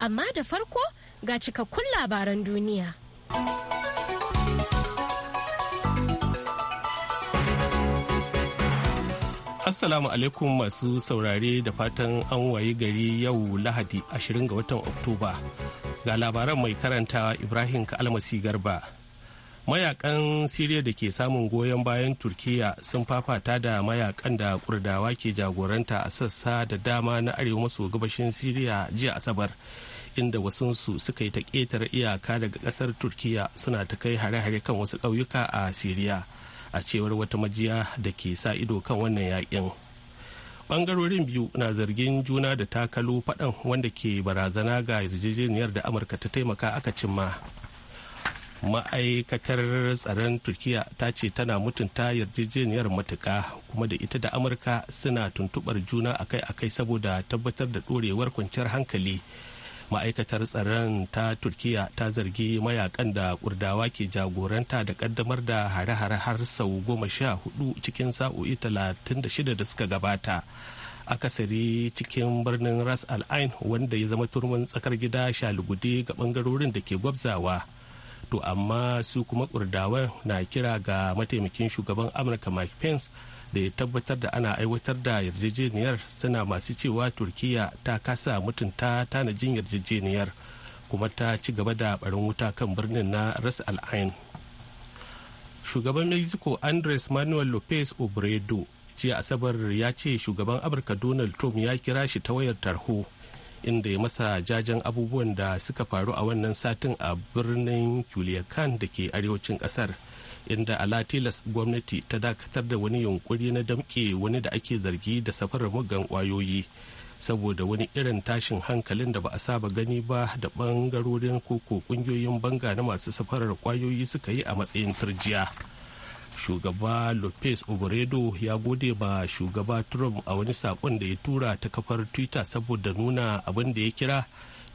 amma da farko ga cikakkun labaran duniya. Assalamu alaikum masu saurare da fatan an wayi gari yau Lahadi 20 ga watan Oktoba. Ga labaran mai karanta Ibrahim Kalmasi Garba. Mayakan Siriya da ke samun goyon bayan Turkiya sun fafata da mayakan da Kurdawa ke jagoranta a sassa da dama na arewa maso gabashin Siriya jiya Asabar. inda wasunsu suka yi ta ƙetare iyaka daga ƙasar turkiya suna ta kai hare-hare kan wasu ƙauyuka a siriya a cewar wata majiya da ke sa ido kan wannan yaƙin bangarorin biyu na zargin juna da takalo faɗan wanda ke barazana ga yarjejeniyar da amurka ta taimaka aka cimma ma'aikatar tsaron turkiya ta ce tana mutunta yarjejeniyar matuka kuma da ita da amurka suna tuntubar juna akai-akai saboda tabbatar da ɗorewar kwanciyar hankali ma'aikatar tsaron ta turkiya ta zargi mayakan da kurdawa ke jagoranta da kaddamar da hare-hare har sau goma sha hudu cikin sa'o'i talatin da shida da suka gabata akasari cikin birnin ras al ain wanda ya zama turmin tsakar gida shalugudi ga bangarorin da ke gwabzawa to amma su kuma kurdawa na kira ga mataimakin shugaban amurka mike pence da ya tabbatar da ana aiwatar da yarjejeniyar suna masu cewa turkiya ta kasa mutunta tanajin yarjejeniyar kuma ta ci gaba da barin wuta kan birnin na ras ain shugaban mexico andres manuel lopez obredo jiya asabar ya ce shugaban amurka donald trump ya kira shi ta wayar tarho inda ya masa jajen abubuwan da suka faru a wannan satin a birnin culiacan da ke arewacin kasar. inda ala tilas gwamnati ta dakatar da wani yunkuri na damƙe wani da ake zargi da safarar muggan kwayoyi saboda wani irin tashin hankalin da ba a saba gani ba da bangarorin koko kungiyoyin banga na masu safarar kwayoyi suka yi a matsayin turjiya shugaba lopez obredo ya gode ba shugaba trump a wani sakon da ya tura ta kafar twitter saboda nuna abin da ya kira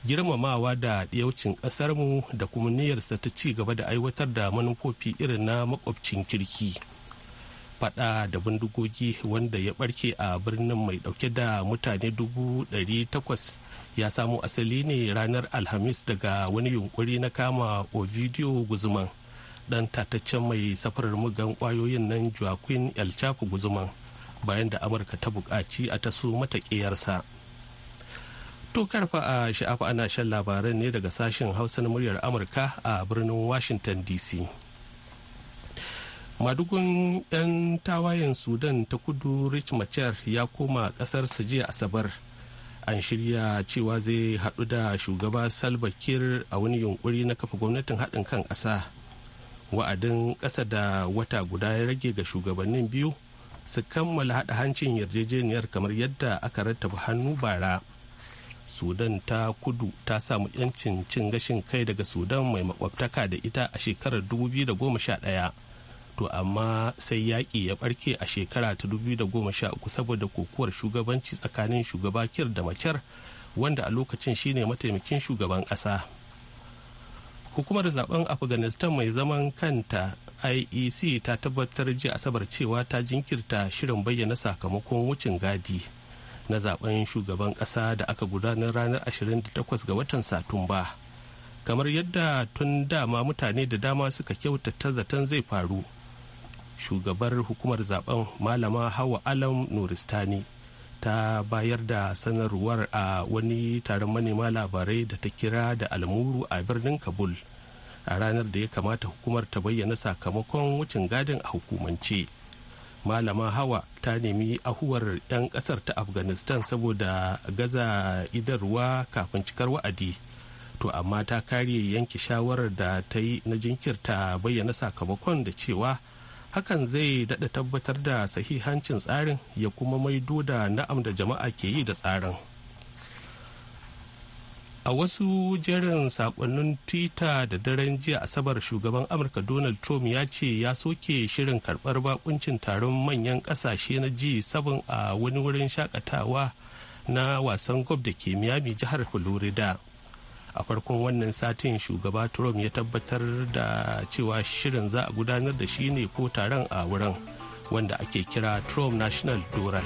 girmamawa da yaucin ƙasarmu da kuma niyyarsa ta ci gaba da aiwatar da manufofi irin na makwabcin kirki fada da bindigogi wanda ya barke a birnin mai dauke da mutane dubu takwas ya samo asali ne ranar alhamis daga wani yunkuri na kama ovidio guzman dan tataccen mai safarar mugan kwayoyin nan joaquin el chapo guzman bayan da amurka ta buƙaci a taso mata To karfa a sha'afa ana shan labaran ne daga sashen Hausa na muryar Amurka a birnin Washington DC. madugun 'yan tawayen sudan ta kudu rich machar ya koma kasar jiya asabar an shirya cewa zai haɗu da shugaba salbakir a wani yunkuri na kafa gwamnatin haɗin kan ƙasa wa'adin ƙasa da wata guda ya rage ga shugabannin biyu su kammala haɗa hancin yarjejeniyar kamar yadda aka rattaba hannu bara sudan ta kudu ta samu yancin cin gashin kai daga sudan mai makwabtaka da ita a shekarar 2011 to amma sai yaƙi ya barke a shekara ta 2013 saboda kokuwar shugabanci tsakanin shugaba kir da macer wanda a lokacin shine mataimakin shugaban ƙasa hukumar zaben afghanistan mai zaman kanta iec ta tabbatar jiya asabar cewa ta jinkirta shirin bayyana sakamakon wucin gadi na zaben shugaban ƙasa da aka gudanar ranar 28 ga watan satumba kamar yadda tun dama mutane da dama suka kyautata zaton zai faru shugabar hukumar zaben malama hawa alam nuristani ta bayar da sanarwar a wani taron manema labarai da ta kira da almuru a birnin kabul a ranar da ya kamata hukumar ta bayyana sakamakon wucin gadin a hukumance. malama hawa ta nemi ahuwar 'yan kasar ta afghanistan saboda gaza idarwa kafin cikar wa'adi to amma ta kare yanke shawarar da ta yi na jinkirta bayyana sakamakon da cewa hakan zai daɗa tabbatar da sahihancin tsarin ya kuma maido da na'am da jama'a ke yi da tsarin A wasu jerin sakonnin Twitter da daren jiya Asabar shugaban Amurka Donald Trump ya ce ya soke shirin karbar bakuncin taron manyan kasashe na ji 7 a wani wurin shakatawa na wasan gob da ke Miami jihar Florida. A farkon wannan satin shugaba Trump ya tabbatar da cewa shirin za a gudanar da shi ne ko taron a wurin wanda ake kira Trump National Doral.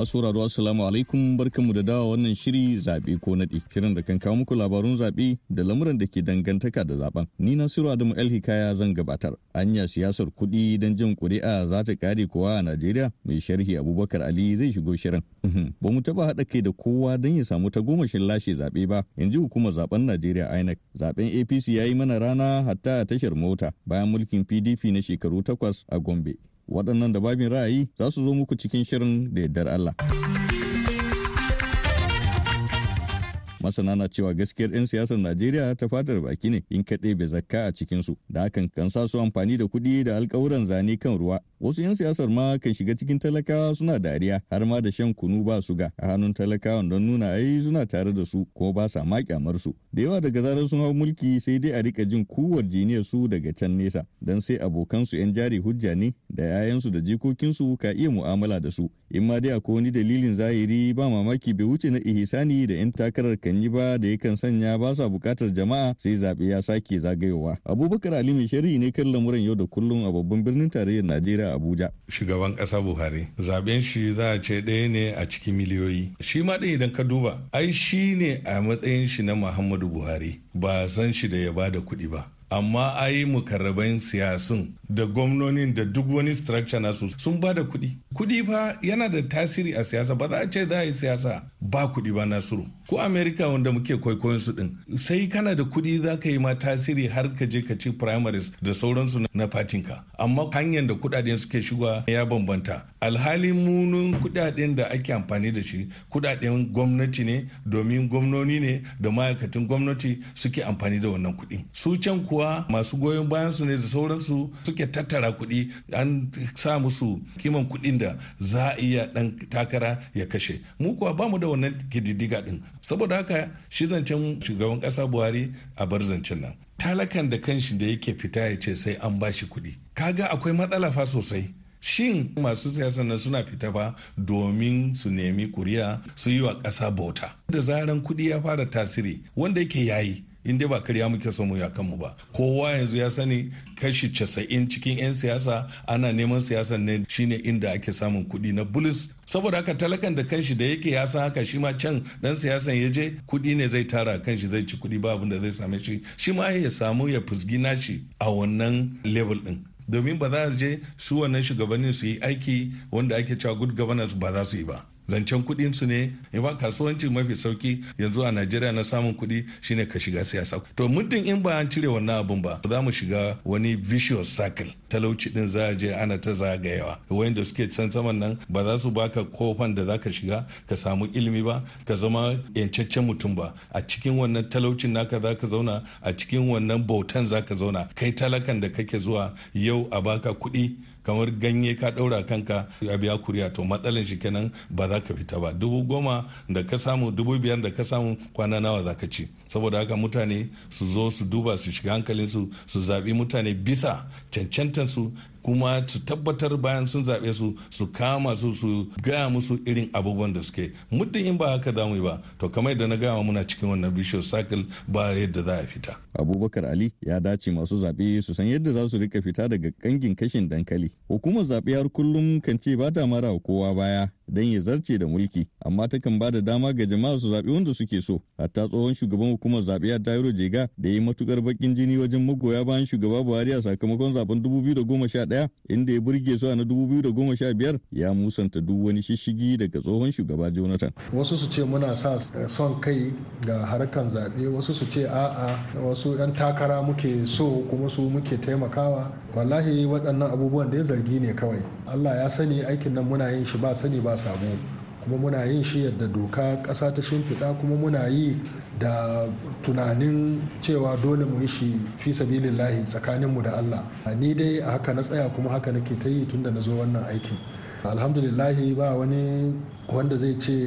Masu sauraro Assalamu alaikum barkanmu da dawa wannan shiri zaɓe ko naɗi. kiran da kan kawo muku labarun zaɓe da lamuran da ke dangantaka da zaɓen Ni Nasiru Adamu El Hikaya zan gabatar. Anya siyasar kuɗi don jin ƙuri'a za ta ƙare kowa a Najeriya mai sharhi Abubakar Ali zai shigo shirin. Uhm, ba mu taɓa haɗa kai da kowa don ya samu ta gomashin lashe zaɓe ba. Yanzu hukumar zaɓen Najeriya INEC. zaɓen APC ya yi mana rana hatta a tashar mota bayan mulkin PDP na shekaru takwas a Gombe. waɗannan da babin ra'ayi za su zo muku cikin shirin da yardar Allah. masana na cewa gaskiyar 'yan siyasar najeriya ta fadar baki ne in kaɗai bai zakka a cikinsu da hakan kan sa su amfani da kuɗi da alkawuran zane kan ruwa wasu 'yan siyasar ma kan shiga cikin talakawa suna dariya har ma da shan kunu ba su ga a hannun talakawan don nuna ai suna tare da su ko ba sa ma kyamar su da yawa daga zarar sun hau mulki sai dai a rika jin kuwar jiniyar su daga can nesa don sai abokansu 'yan jari hujja ne da 'ya'yansu da jikokinsu ka iya mu'amala da su in ma dai akwai wani dalilin zahiri ba mamaki bai wuce na ihisani da 'yan takarar kai kan yi ba da yakan sanya ba sa bukatar jama'a sai zaɓe ya sake zagayowa. Abubakar Ali mai shari'i ne kan lamuran yau da kullum a babban birnin tarayyar Najeriya Abuja. Shugaban ƙasa Buhari zaben shi za a ce ɗaya ne a cikin miliyoyi. Shi ma ɗin idan ka duba ai shi ne a matsayin shi na Muhammadu Buhari ba san shi da ya ba da kuɗi ba. amma ayi mukarraban siyasun da gwamnonin da duk wani structure nasu sun ba da kuɗi kuɗi fa yana da tasiri a siyasa ba za a ce za a yi siyasa ba kuɗi ba nasiru ko america wanda muke kwaikwayon su din sai kana da kuɗi za ka yi ma tasiri har ka je ka ci primaries da sauransu na fatinka amma hanyar da kuɗaɗen suke shigowa ya bambanta alhali munin kuɗaɗen da ake amfani da shi kuɗaɗen gwamnati ne domin gwamnoni ne da ma'aikatan gwamnati suke amfani da wannan kuɗi su can kuwa masu goyon bayan su ne da sauransu suke tattara kuɗi an sa musu kiman kuɗin da za a iya ɗan takara ya kashe mu kuwa bamu da wannan kididdiga ɗin saboda haka shi zancen shugaban kasa buhari a bar zancen nan talakan da kanshi da yake fita ya ce sai an bashi kuɗi kaga akwai matsala fa sosai shin masu siyasa nan suna fita ba domin su nemi kuriya su yi wa ƙasa bauta da zaran kuɗi ya fara tasiri wanda yake yayi in dai ba karya muke samu ya kanmu ba kowa yanzu ya sani kashi casa'in cikin 'yan siyasa ana neman siyasa ne shine inda ake samun kuɗi na bulis saboda haka talakan da kanshi da yake ya san haka shi ma can dan siyasan ya je kuɗi ne zai tara kanshi zai ci kuɗi ba da zai same shi shi ma ya samu ya fusgi nashi a wannan level din domin ba za su je su wannan shugabannin su yi aiki wanda ake cewa good governance ba za su yi ba zancen kuɗin su ne in eh, ba kasuwanci mafi sauki yanzu a Najeriya na samun kuɗi shine ka shiga siyasa to muddin in ba an cire wannan abun ba za mu shiga wani vicious circle talauci din za a je ana ta zagayewa wanda suke san saman nan ba za su baka kofan da zaka shiga ka samu ilimi ba ka zama yancaccen mutum ba a cikin wannan talaucin naka zaka zauna a cikin wannan bautan zaka zauna kai talakan da kake zuwa yau a baka kuɗi kamar ganye ka ɗaura kanka ya biya kuriya to matsalan shi kenan ba za ka fita ba dubu goma da ka samu dubu biyar da ka samu kwana nawa za ka ci saboda haka mutane su zo su duba su shiga hankalinsu su zaɓi mutane bisa cancantansu kuma su tabbatar bayan sun zaɓe su su kama su su gaya musu irin abubuwan da suke muddin in ba haka za mu yi ba to kamar da na gaya muna cikin wannan vicious circle ba yadda za a fita abubakar ali ya dace masu zaɓe su san yadda za su rika fita daga kangin kashin dankali hukumar zaɓe har kullum kan ce ba ta mara kowa baya don ya zarce da mulki amma takan ba da dama ga jama'a su zaɓi wanda suke so hatta tsohon shugaban hukumar zaɓe a dairo jega da ya yi matukar bakin jini wajen magoya bayan shugaba buhari a sakamakon zaben 2011 inda ya burge su a na biyar ya musanta duk wani shishigi daga tsohon shugaba jonathan wasu su ce muna sa eh, son kai ga harkan zaɓe wasu su ce a'a wasu 'yan takara muke so kuma su muke taimakawa wallahi waɗannan abubuwan da ya zargi ne kawai allah ya sani aikin nan muna yin shi ba sani ba samu kuma muna yin shi yadda doka ƙasa ta shimfiɗa kuma muna yi da tunanin cewa dole mu yi shi fi sabilin lahi tsakaninmu da Allah ni dai a haka na tsaya kuma haka nake ta yi tun da na zo wannan aikin alhamdulillahi ba wani wanda zai ce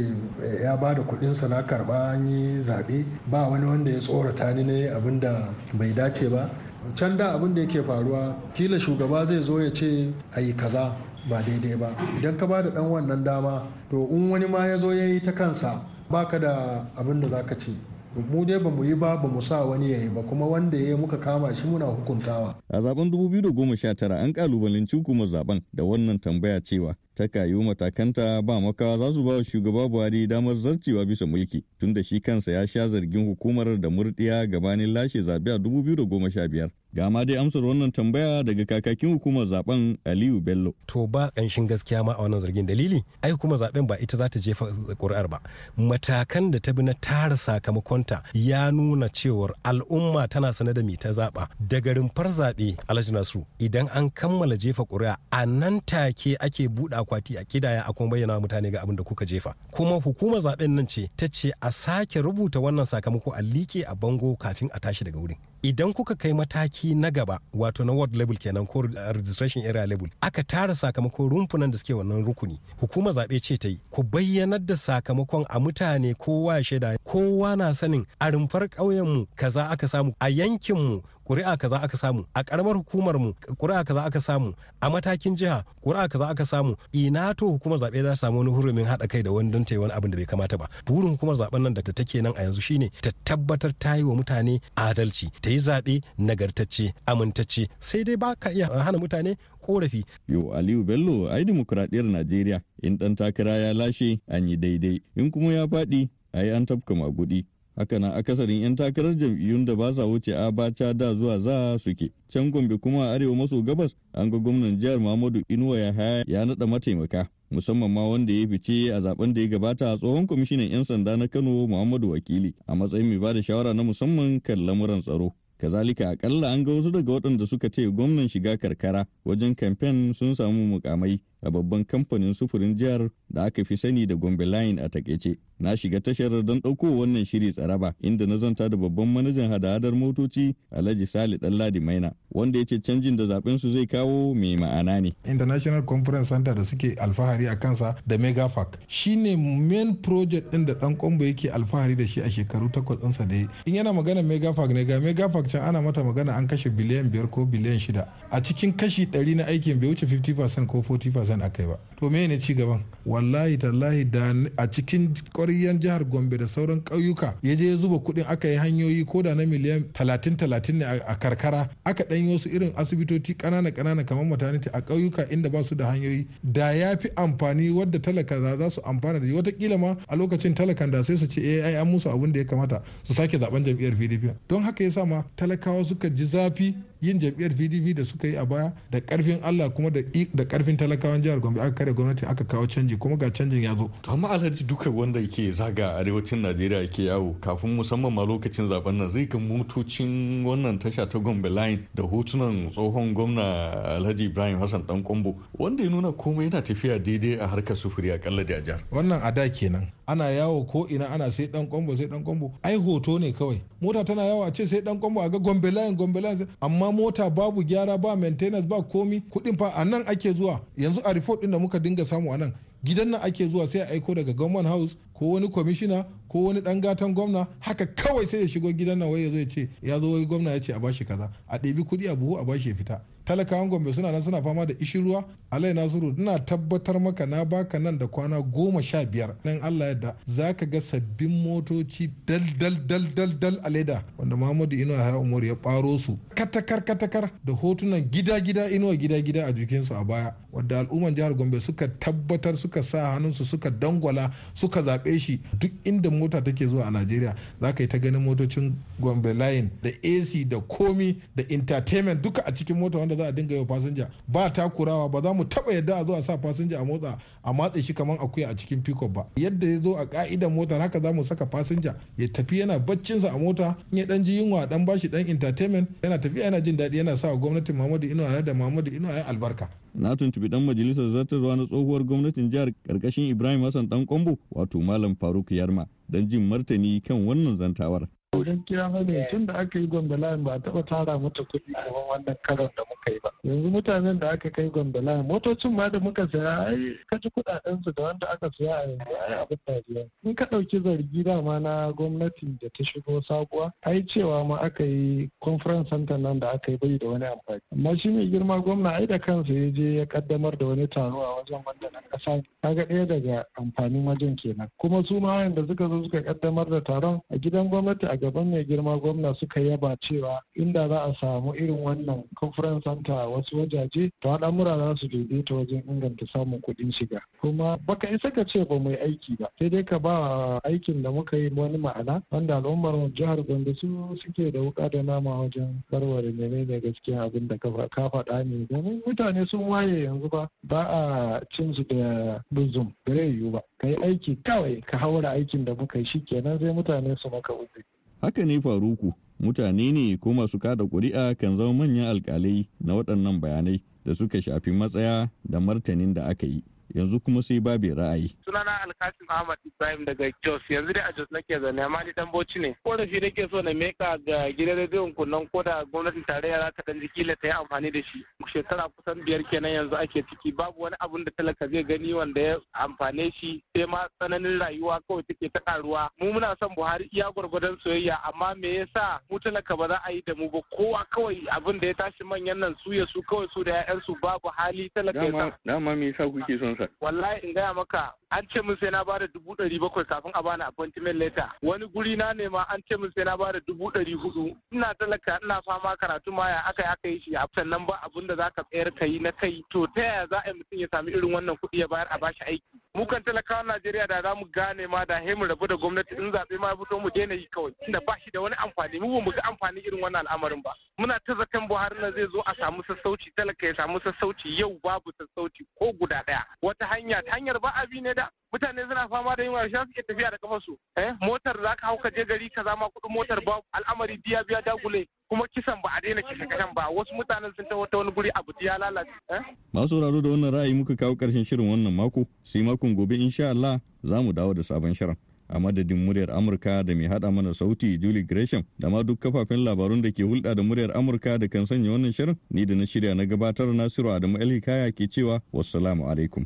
eh, ya ba da kudinsa na karba an yi zaɓe ba wani wanda ya tsorata ni ne abinda bai dace ba can da abin da yake faruwa kila shugaba zai zo ya ce a yi kaza ba daidai ba idan ka ba da dan wannan dama to in wani ma ya zo ya yi ta kansa baka da abin da za ka ce mu dai ba mu yi ba ba mu sa wani yayi ba kuma wanda ya yi muka kama shi muna hukuntawa a zaben 2019 an kalubalen cuku zaben da wannan tambaya cewa ta kayu matakanta ba maka za su ba shugaba buhari damar zarcewa bisa mulki tunda shi kansa ya sha zargin hukumar da murdiya gabanin lashe zaɓe a 2015 ga ma dai amsar wannan tambaya daga kakakin hukumar zaben aliyu bello to ba ƙanshin gaskiya ma a wannan zargin dalili ai kuma zaben ba ita za ta jefa ƙuri'ar ba matakan da ta bi na tara sakamakonta ya nuna cewar al'umma tana sane da mi ta zaɓa daga rumfar zaɓe alhaji nasu idan an kammala jefa ƙuri'a a nan take ake buɗa akwati a kidaya a kuma bayyana mutane ga abin da kuka jefa kuma hukumar zaben nan ce ta ce a sake rubuta wannan sakamako a like a bango kafin a tashi daga wurin idan kuka kai mataki na gaba wato na world level kenan ko registration area level aka tara sakamakon rumfunan da suke wannan rukuni hukuma zaɓe ce ta yi ku bayyanar da sakamakon a mutane kowa shaida kowa na sanin a rumfar ƙauyenmu kaza aka samu a yankinmu ƙuri'a kaza aka samu a ƙaramar hukumar mu ƙuri'a kaza aka samu a matakin jiha ƙuri'a kaza aka samu ina to hukumar zaɓe za ta samu wani hurumin haɗa kai da wani don ta yi wani abin da bai kamata ba burin hukumar zaɓen nan da ta take nan a yanzu shine ta tabbatar ta yi wa mutane adalci ta yi zaɓe nagartacce amintacce sai dai ba ka iya hana mutane korafi. Yo Aliyu Bello ai dimokuraɗiyar Najeriya in ɗan takara ya lashe an yi daidai in kuma ya faɗi ai an tafka maguɗi. haka na akasarin 'yan takarar jam'iyyun da ba sa wuce abacha da zuwa za suke can gombe kuma a arewa maso gabas an ga gwamnan jihar muhammadu inuwa ya haya ya naɗa mataimaka musamman ma wanda ya fice a zaben da ya gabata a tsohon kwamishinan 'yan sanda na kano muhammadu wakili a matsayin mai ba da shawara na musamman kan lamuran tsaro kazalika akalla an ga wasu daga waɗanda suka ce gwamnan shiga karkara wajen kamfen sun samu mukamai a babban kamfanin sufurin jihar da aka fi sani da Gombe Line a takaice. Na shiga tashar don ɗauko wannan shiri tsaraba inda na zanta da babban manajan hada-hadar motoci Alhaji Sali Ɗanladi Maina wanda ya ce canjin da zaben su zai kawo mai ma'ana ne. International Conference Center da suke alfahari a kansa da Megafac shine main project ɗin da ɗan kombo yake alfahari da shi a shekaru takwas ɗinsa da in yana magana Megafac ne ga Megafac can ana mata magana an kashe biliyan biyar ko biliyan shida a cikin kashi ɗari na aikin bai wuce 50% ko 40% san yi ba to me ne gaban wallahi tallahi da a cikin ƙwaryen jihar gombe da sauran ƙauyuka ya je zuba kuɗin aka yi hanyoyi ko da na miliyan talatin talatin ne a karkara aka ɗanyo su irin asibitoci ƙanana ƙanana kamar maternity a ƙauyuka inda ba su da hanyoyi da ya fi amfani wadda talaka za su amfana da shi watakila ma a lokacin talakan da sai su ce eh ai an musu abin da ya kamata su sake zaben jam'iyyar pdp don haka ya sa ma talakawa suka ji zafi yin jam'iyyar pdp da suka yi a baya da karfin allah kuma da karfin talakawan jihar gombe aka kare gwamnati aka kawo canji kuma ga canjin ya zo to amma alhaji duka wanda yake zaga arewacin najeriya yake yawo kafin musamman ma lokacin zaben nan zai ga motocin wannan tasha ta gombe line da hotunan tsohon gwamna alhaji ibrahim hassan dan kwambo wanda ya nuna komai yana tafiya daidai a harkar sufuri a kalla da jihar wannan a da kenan ana yawo ko ina ana sai dan kombo sai dan kombo ai hoto ne kawai mota tana yawo a ce sai dan kwambo a ga gombe line gombe line amma mota babu gyara ba maintenance ba komi kuɗin fa a nan ake zuwa yanzu a report ɗin da muka dinga samu anan gidan nan ake zuwa sai a aiko daga government house ko wani kwamishina ko wani dan gatan gwamna haka kawai sai ya shigo gidan nan waye zai ya ce ya zo wai gwamna ya ce a bashi kaza a ɗebi kuɗi a buhu a bashi ya fita talakawan gombe suna nan suna fama da ishin ruwa alai nasiru ina tabbatar maka na baka nan da kwana goma sha biyar nan allah yadda za ka ga sabbin motoci dal dal dal dal a leda wanda muhammadu inuwa ya umaru ya ɓaro su katakar katakar da hotunan gida gida inuwa gida gida a jikinsu a baya wadda al'umman jihar gombe suka tabbatar suka sa hannunsu suka dangwala suka zaɓe kai shi duk inda mota take zuwa a najeriya za ka yi ta ganin motocin gombe line da ac da komi da entertainment duka a cikin mota wanda za a dinga yau fasinja ba ta kurawa ba za mu taba yadda a zo sa fasinja a motsa a matse shi kamar akuya a cikin pickup ba yadda ya zo a ka'idan mota haka za mu saka fasinja ya tafi yana baccinsa a mota in ya dan ji yunwa dan bashi dan entertainment yana tafiya yana jin daɗi yana sa gwamnatin Muhammadu Inuwa da Muhammadu Inuwa ya albarka na tuntubi dan majalisar zartarwa na tsohuwar gwamnatin jihar karkashin Ibrahim Hassan dan Kombo wato malam Malam Faruk Yarma don jin martani kan wannan zantawar. gaskiya ba ne eh. tun da aka yi gwamnalayan ba a taɓa tara mata kuɗi kamar wannan karon da muka yi ba yanzu mutanen da aka kai gwamnalayan motocin ma da muka saya ai ji kuɗaɗen su da wanda aka saya a yanzu ai abin dariya in ka ɗauki zargi dama na gwamnati da ta shigo sabuwa ai cewa ma aka yi conference center nan da aka yi bai da wani amfani amma shi mai girma gwamna ai da kansa ya je ya kaddamar da wani taro a wajen wanda na ƙasa kaga ɗaya daga amfanin wajen kenan kuma su ma yanda suka zo suka kaddamar da taron a gidan gwamnati a sabon mai girma gwamna suka yaba cewa inda za a samu irin wannan conference center a wasu wajaje to al'amura za su daidaita wajen inganta samun kuɗin shiga kuma baka isa ka ce ba mu yi aiki ba sai dai ka ba aikin da muka yi wani ma'ana wanda al'ummar jihar Gombe su suke da wuka da nama wajen warware menene gaskiya abin da ka faɗa ne domin mutane sun waye yanzu ba ba a cin su da buzum bare ba ka yi aiki kawai ka haura aikin da muka yi shikenan sai mutane su maka uzuri haka ne faruku mutane ne ko masu kada kuri'a kan zama manyan alkalai na waɗannan bayanai da suka shafi matsaya da martanin da aka yi yanzu kuma sai babu ra'ayi. Sunana Alkasim Ahmad Ibrahim daga Jos yanzu dai a Jos nake zaune amma ni dan Bauchi ne. Ko da shi nake so na meka ga gidan rediyon kunnan ko da gwamnatin tarayya za ta dan jikila ta yi amfani da shi. shekara kusan biyar kenan yanzu ake ciki babu wani abun da talaka zai gani wanda ya amfane shi sai ma tsananin rayuwa kawai take ta karuwa mu muna son buhari iya gwargwadon soyayya amma me yasa mu talaka ba za a yi da mu ba kowa kawai abin da ya tashi manyan nan su ya su kawai su da su babu hali talaka ya dama me yasa kuke son sa wallahi in gaya maka an ce min sai na bada dubu ɗari bakwai kafin a bani appointment letter wani guri na nema an ce min sai na bada dubu ɗari hudu ina talaka ina fama karatu ma ya aka aka yi shi sannan ba abun da zaka tsayar ka yi na kai to ta yaya za a yi mutum ya sami irin wannan kuɗi ya bayar a bashi aiki mukan talakawan Najeriya da za mu gane ma da mu rabu da gwamnati in zaɓe ma ya fito mu daina yi kawai tunda ba shi da wani amfani mu ba mu ga amfani irin wannan al'amarin ba muna ta har na zai zo a samu sassauci talaka ya samu sassauci yau babu sassauci ko guda daya Wata hanya ta hanyar ba abi ne da mutane suna fama da yin rashin suke tafiya da kafarsu. Eh motar za ka hau ka je gari ka zama kuɗin motar ba al'amari biya biya dagule kuma kisan ba a daina kisa kasan ba wasu mutanen sun ta ta wani guri abu ya lalace. Eh? Masu sauraro da wannan ra'ayi muka kawo karshen shirin wannan mako sai makon gobe insha Allah za mu dawo da sabon shirin. a madadin muryar Amurka da mai hada mana sauti Julie Gresham da ma duk kafafen labarun da ke hulɗa da muryar Amurka da kan sanya wannan shirin ni da na shirya na gabatar Nasiru Adamu kaya ke cewa wassalamu alaikum.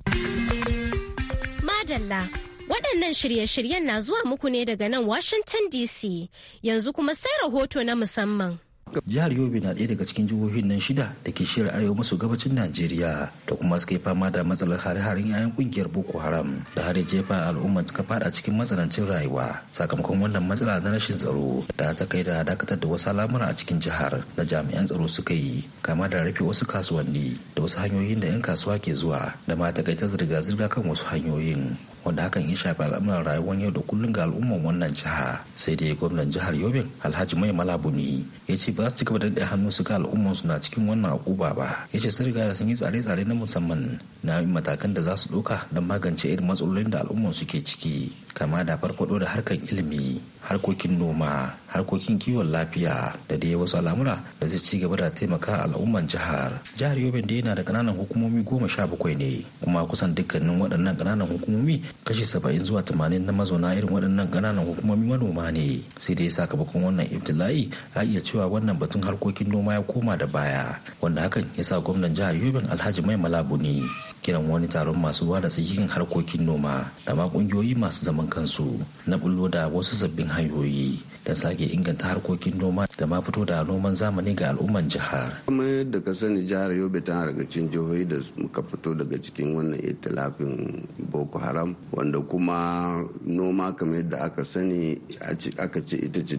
Madalla waɗannan shirye-shiryen na zuwa muku ne daga nan Washington DC yanzu kuma sai rahoto na musamman. Jihar Yobe na ɗaya daga cikin jihohin nan shida da ke shirin arewa maso gabacin Najeriya da kuma suka yi fama da matsalar hare-haren 'ya'yan kungiyar Boko Haram da har jefa al'ummar suka fada cikin matsanancin rayuwa sakamakon wannan matsala na rashin tsaro da ta kai da dakatar da wasu al'amura a cikin jihar da jami'an tsaro suka yi kama da rufe wasu kasuwanni da wasu hanyoyin da 'yan kasuwa ke zuwa da ma takaitar zirga-zirga kan wasu hanyoyin. wanda hakan ya shafi al'amuran rayuwar yau da kullum ga al'umman wannan jiha sai dai gwamnan jihar yobin alhaji mai malabuni ya ce ba su ci gaba da hannu su ga al'umman su na cikin wannan akuba ba ya ce sun da sun yi tsare-tsare na musamman na matakan da za su ɗauka don magance irin matsalolin da al'umman suke ciki kama da farfado da harkar ilimi harkokin noma harkokin kiwon lafiya da dai wasu al'amura da zai ci gaba da taimaka al'umman jihar jihar yobe da yana da kananan hukumomi goma sha bakwai ne kuma kusan dukkanin waɗannan kananan hukumomi kashi saba'in zuwa tamanin na mazauna irin waɗannan kananan hukumomi manoma ne sai dai sakamakon wannan ibtila'i a iya cewa wannan batun harkokin noma ya koma da baya wanda hakan ya sa gwamnan jihar yobe alhaji mai malabuni kiran wani taron masu ruwa da tsakiyin harkokin noma da ma kungiyoyi masu zaman kansu na bullo da wasu sabbin hanyoyi da sake inganta harkokin noma da ma fito da noman zamani ga al'umman jihar. Kuma yadda ka sani jihar Yobe tana daga cikin jihohi da muka fito daga cikin wannan itilafin Boko Haram wanda kuma noma kamar yadda aka sani aka ce ita ce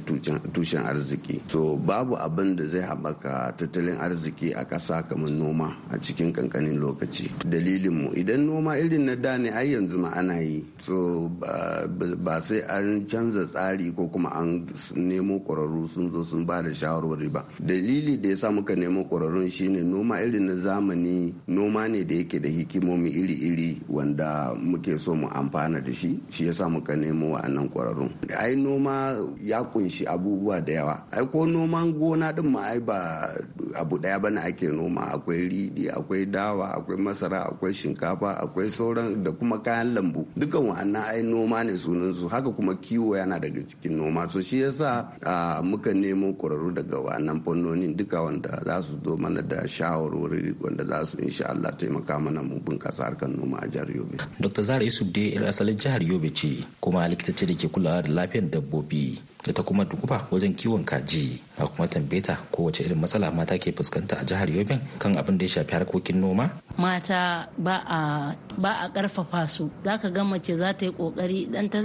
tushen arziki. So babu abin da zai haɓaka tattalin arziki a ƙasa kamar noma a cikin kankanin lokaci. Dalilin mu idan noma irin na da ne ai yanzu ma ana yi. So ba sai an canza tsari ko kuma an sun nemo ƙwararru sun zo sun ba da shawarwari ba dalili da ya sa muka nemo ƙwararrun shine noma irin na zamani noma ne da yake da hikimomi iri-iri wanda muke so mu amfana da shi shi ya sa muka nemo wa'annan ƙwararrun ai noma ya kunshi abubuwa da yawa ai ko noman gona din ma ai ba abu ɗaya bane ake noma akwai riɗi akwai dawa akwai masara akwai shinkafa akwai sauran da kuma kayan lambu dukan wa'annan ai noma ne sunan su haka kuma kiwo yana daga cikin noma so shi ya yasa muka nemo kwararru daga wannan fannonin duka wanda za su zo mana da shawarwari wanda za su insha Allah taimaka mana mu bunƙasa harkar noma a jihar Yobe. Dr. Zara Yusuf dai yar asalin jihar Yobe ce kuma likita ce da ke kulawa da lafiyar dabbobi da ta kuma dukufa wajen kiwon kaji. na kuma tambaye ta wace irin matsala mata ke fuskanta a jihar Yobin kan abin da ya shafi harkokin noma. Mata ba a karfafa su zaka ga mace za ta yi kokari dan ta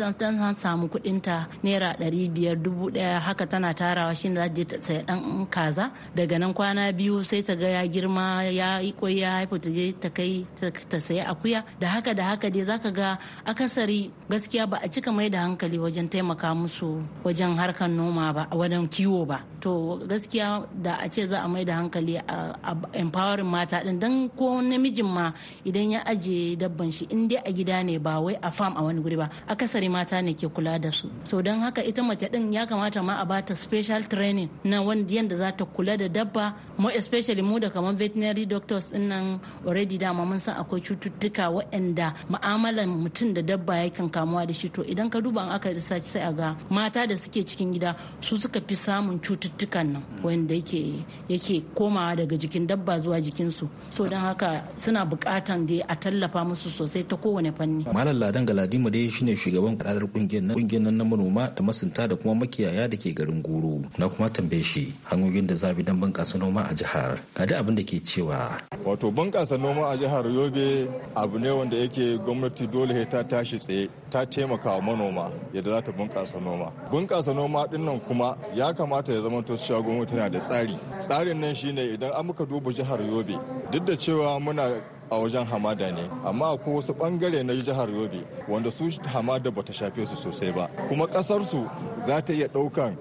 samu kuɗin ta naira ɗari biyar dubu ɗaya haka tana tarawa shi za je ta saya dan kaza daga nan kwana biyu sai ta ga ya girma ya yi koyi ya haifa ta je ta kai ta saya akuya da haka da haka dai za ga akasari gaskiya ba a cika mai da hankali wajen taimaka musu wajen harkar noma ba wajen kiwo ba to gaskiya da a ce za a mai da hankali a empowering mata din dan ko namijin ma idan ya aje dabban shi in dai a gida ne ba wai a farm a wani guri ba akasari mata ne ke kula da su so don haka ita mace din ya kamata ma a bata special training na wanda yanda za ta kula da dabba mo especially mu da kamar veterinary doctors din nan already dama mun san akwai cututtuka waɗanda mu'amalan mutum da dabba yakan kamuwa da shi to idan ka duba an aka research sai a ga mata da suke cikin gida su suka fi samun cututtuka cututtukan nan wanda yake komawa daga jikin dabba zuwa jikinsu so don haka suna bukatan dai a tallafa musu sosai ta kowane fanni malam ladan galadima dai shine shugaban kadar kungiyar nan kungiyar nan na manoma da masunta da kuma makiyaya da ke garin goro. na kuma tambaye shi hanyoyin da zabi don bunƙasa noma a jihar ga da abin da ke cewa wato bunƙasa noma a jihar yobe abu ne wanda yake gwamnati dole ta tashi tsaye ta taimaka wa manoma yadda za ta bunƙasa noma bunƙasa noma ɗin kuma ya kamata ya zama to cewa gwamnati na da tsari tsarin nan shine idan an muka duba jihar yobe duk da cewa muna a wajen hamada ne amma ko wasu bangare na jihar yobe wanda su hamada ba ta shafe su sosai ba kuma ƙasarsu za ta iya ɗaukan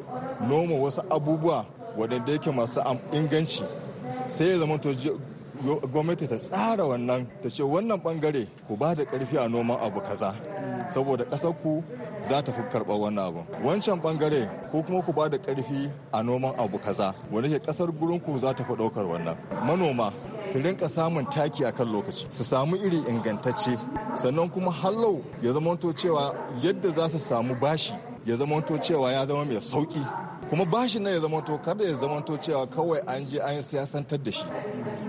noma wasu abubuwa waɗanda yake masu inganci sai ya zama gwamnati ta tsara wannan ta ce wannan bangare ku ba da karfi a noman abu kaza saboda ƙasar ku za ta fi karɓar wannan abu wancan bangare ko kuma ku ba da ƙarfi a noman abu kaza wanda ke ƙasar gurin ku za ta fi ɗaukar wannan manoma su rinka samun taki a kan lokaci su samu iri ingantacce sannan kuma hallau ya to cewa yadda za su samu bashi ya to cewa ya zama mai sauki kuma bashi na ya to kada ya to cewa kawai an je an siyasantar da shi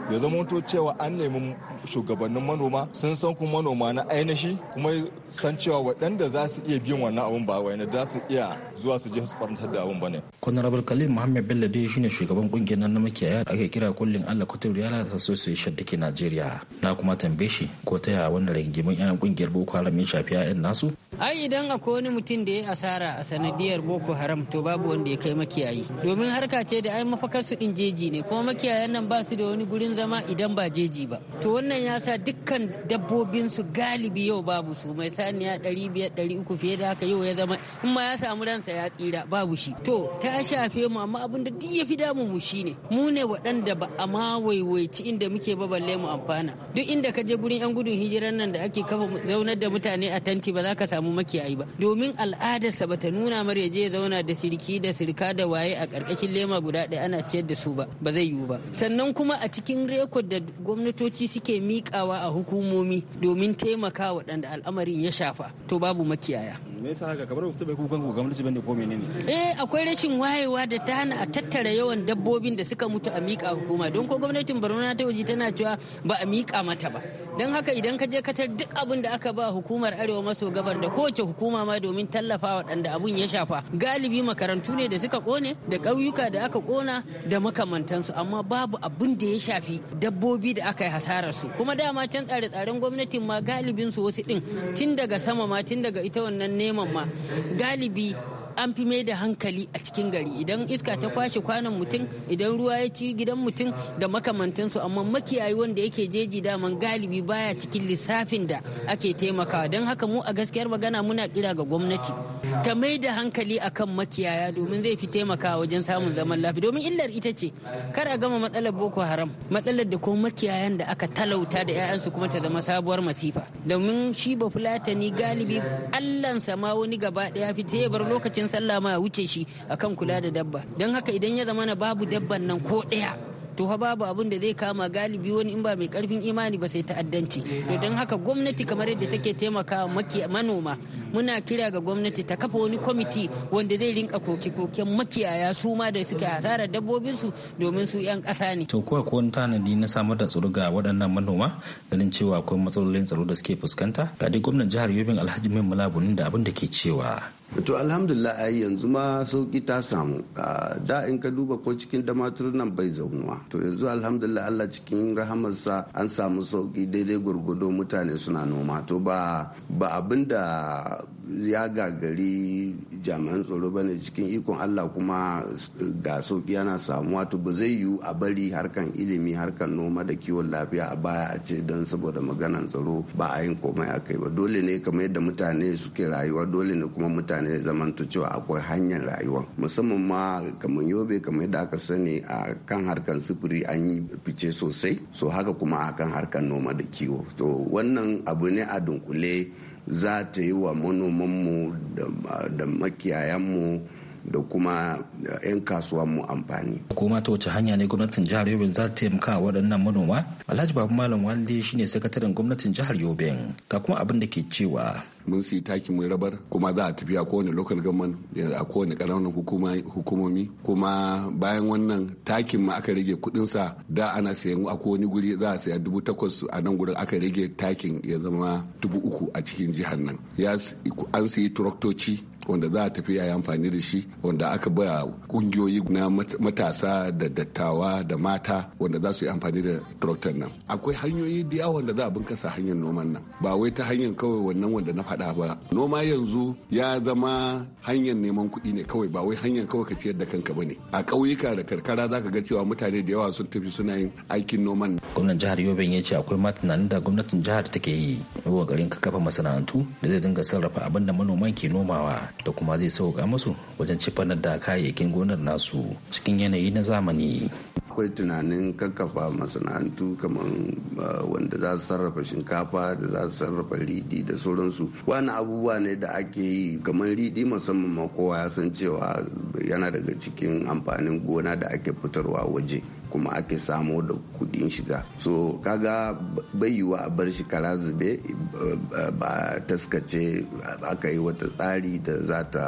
ya to cewa an nemi shugabannin manoma sun san kuma manoma na ainihi kuma san cewa waɗanda za su iya biyan wannan abun ba wai za su iya zuwa su je su farantar da abun ba ne. Honorable Khalil Muhammad Bello dai shine shugaban kungiyar nan na makiyaya da ake kira kullin Allah Kwatar Riyala Association da ke Najeriya. Na kuma tambaye shi ko ta yaya wannan rigimin 'yan kungiyar Boko Haram ya shafi 'ya'yan nasu? Ai idan akwai wani mutum da ya asara a sanadiyar Boko Haram to babu wanda ya kai makiyayi. Domin harka ce da ai mafakar su din jeji ne kuma makiyayan nan ba su da wani gurin zama idan ba jeji ba. To wannan ya sa dukkan dabbobinsu galibi yau babu su mai saniya 500 300 fiye da haka yau ya zama in ma ya samu ransa ya tsira babu shi to ta shafe mu amma abin da duk ya fi damu mu shi ne. mu ne waɗanda ba a ma inda muke ba balle mu amfana duk inda ka je gurin yan gudun hijiran nan da ake kafa zaunar da mutane a tanti ba za ka samu makiyayi ba domin al'adarsa bata nuna mar ya je zauna da sirki da sirka da waye a karkashin lema guda ɗaya ana ciyar da su ba ba zai yiwu ba sannan kuma a cikin rekod da gwamnatoci suke miƙawa a hukumomi domin taimaka waɗanda al'amarin ya shafa to babu makiyaya. Me yasa haka kamar ku taɓa kukan gwamnati bane ko menene? Eh akwai rashin wayewa da ta hana a tattara yawan dabbobin da suka mutu a miƙa hukuma don ko gwamnatin Borno ta waje tana cewa ba a miƙa mata ba. Don haka idan ka je ka katar duk abin da aka ba hukumar Arewa maso gabar da kowace hukuma ma domin tallafa waɗanda abun ya shafa galibi makarantu ne da suka kone da ƙauyuka da aka kona da makamantansu amma babu abin da ya shafi dabbobi da aka yi hasararsu kuma dama can tsare-tsaren gwamnatin ma galibin su wasu din tun daga sama ma tun daga ita wannan neman ma galibi an fi mai da hankali a cikin gari idan iska ta kwashe kwanan mutum idan ruwa ya ci gidan mutum da makamantansu amma makiyayi wanda yake jeji daman galibi baya cikin lissafin da ake taimakawa don haka mu a gaskiyar magana muna kira ga gwamnati ta mai da hankali akan makiyaya domin zai fi taimakawa wajen samun zaman lafiya domin illar ita ce kar a gama matsalar boko haram matsalar da kuma makiyayan da aka talauta da 'ya'yansu kuma ta zama sabuwar masifa domin shi ba fulatani galibi allansa ma wani gaba daya fi ya bar lokacin cikin sallah ma wuce shi akan kula da dabba don haka idan ya zamana babu dabban nan ko ɗaya to fa babu abin da zai kama galibi wani in ba mai karfin imani ba sai ta'addanci to don haka gwamnati kamar yadda take taimakawa manoma muna kira ga gwamnati ta kafa wani kwamiti wanda zai rinka koke-koken makiyaya su ma da suke hasarar dabbobin su domin su yan kasa ne to ko wani tanadi na samar da tsaro ga waɗannan manoma ganin cewa akwai matsalolin tsaro da suke fuskanta ga dai gwamnan jihar Yobin Alhaji Mai Malabunin da abin da ke cewa to alhamdulillah ayi yanzu ma sauki ta samu da in ka duba ko cikin damatur nan bai zaunuwa to yanzu alhamdulillah Allah cikin rahamarsa an samu sauki daidai gurgudo mutane suna noma to ba ba abinda da ya gagari jami'an tsaro bane cikin ikon Allah kuma ga sauki yana samuwa to ba zai yiwu a bari harkan ilimi harkan noma da kiwon lafiya a baya a ce don saboda maganan tsaro ba a yin komai a kai ba dole ne kamar yadda mutane suke rayuwa dole ne kuma mutane mutane zamanto cewa akwai hanyar rayuwa musamman ma kamar yobe kamar yadda aka sani a kan harkar sufuri an yi fice sosai so haka kuma a kan harkar noma da kiwo to wannan abu ne a dunkule za ta yi wa manomanmu da makiyayanmu da kuma 'yan kasuwa mu amfani. Kuma ta wace hanya ne gwamnatin jihar Yobe za ta taimaka waɗannan manoma? Alhaji Babu Malam Wande shine sakataren gwamnatin jihar Yobe ga kuma abin da ke cewa mun siyi taki mun rabar kuma za a tafi a kowane lokal government a kowane ƙananan hukumomi kuma bayan wannan takin ma aka rage kuɗinsa da ana sayan a kowane guri za a saya dubu takwas a nan gurin aka rage takin ya zama dubu uku a cikin jihar nan an sayi turaktoci wanda za a tafi a amfani da shi wanda aka baya kungiyoyi na matasa da dattawa da mata wanda za su yi amfani da tractor nan akwai hanyoyi da yawa wanda za a bunkasa hanyar noman nan ba wai ta hanyar kawai wannan wanda na faɗa ba noma yanzu ya zama hanyar neman kuɗi ne kawai ba wai hanyar kawai ka ciyar da kanka ba ne. a ƙauyuka da karkara za ka ga cewa mutane da yawa sun tafi suna yin aikin noman gwamnan jihar yobe ya ce akwai ma da gwamnatin jihar take yi garin ka kafa masana'antu da zai dinga sarrafa abin da manoman ke nomawa da kuma zai sauka musu wajen cifanar da kayayyakin gonar nasu cikin yanayi na zamani akwai tunanin kakkafa masana'antu kamar uh, wanda za su sarrafa shinkafa da za su sarrafa riɗi da sauransu wani abubuwa ne da ake yi kamar riɗi musamman ma kowa ya san cewa yana daga cikin amfanin gona da ake fitarwa waje kuma ake samo da kudin shiga so kaga wa a bar shi kara zube ba taskace aka yi wata tsari da za ta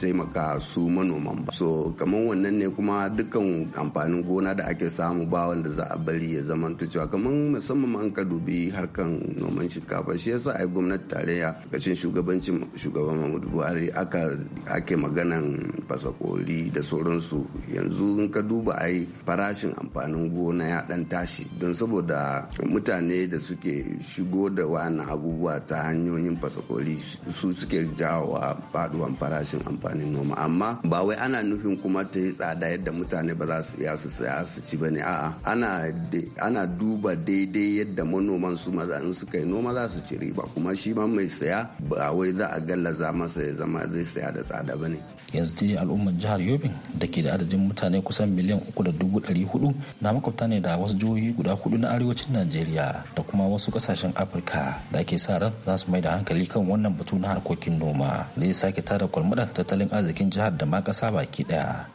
taimaka su manoman ba so kamar wannan ne kuma dukkan amfanin gona da ake samu ba wanda za a bari ya zama cewa kamar musamman an ka dubi harkan noman shinkafa shi yasa ai gwamnati tarayya kacin shugabancin shugaban Muhammadu Buhari aka ake maganan fasakori da sauransu yanzu in ka duba ai farashin amfanin gona ya dan tashi don saboda mutane da suke shigo da wa'annan abubuwa ta hanyoyin fasakori su suke jawo faduwan farashin amfanin amfanin noma amma ba wai ana nufin kuma ta yi tsada yadda mutane ba za su iya su saya su ci bane a'a ana duba daidai yadda manoman su maza in suka yi noma za su ci riba kuma shi ma mai saya ba wai za a gallaza masa ya zama zai saya da tsada bane yanzu dai al'ummar jihar yobin da ke da adadin mutane kusan miliyan uku da dubu ɗari hudu na makwabta ne da wasu jihohi guda hudu na arewacin najeriya da kuma wasu ƙasashen afirka da ake sa ran za su mai da hankali kan wannan batu na harkokin noma da ya sake tara kwalmadan tattalin arzikin jihar da ma ƙasa baki ɗaya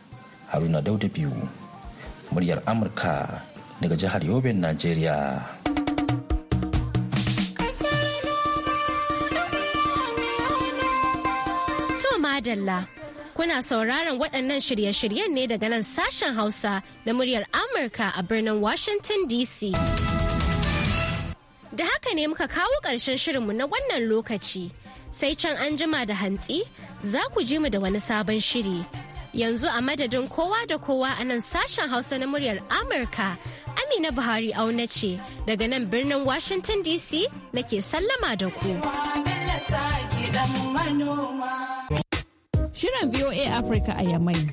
haruna dauda biyu muryar amurka daga jihar yobin najeriya Madalla Kuna sauraron waɗannan shirye-shiryen ne daga nan sashen Hausa na muryar Amurka a birnin Washington DC. Da haka ne muka kawo ƙarshen shirinmu na wannan lokaci. Sai can an jima da hantsi za ku ji mu da wani sabon shiri. Yanzu a madadin kowa da kowa a nan sashen Hausa na muryar Amurka, Amina Buhari auna ce daga nan birnin Washington DC nake sallama da ku. Shirin VOA Africa a Yamai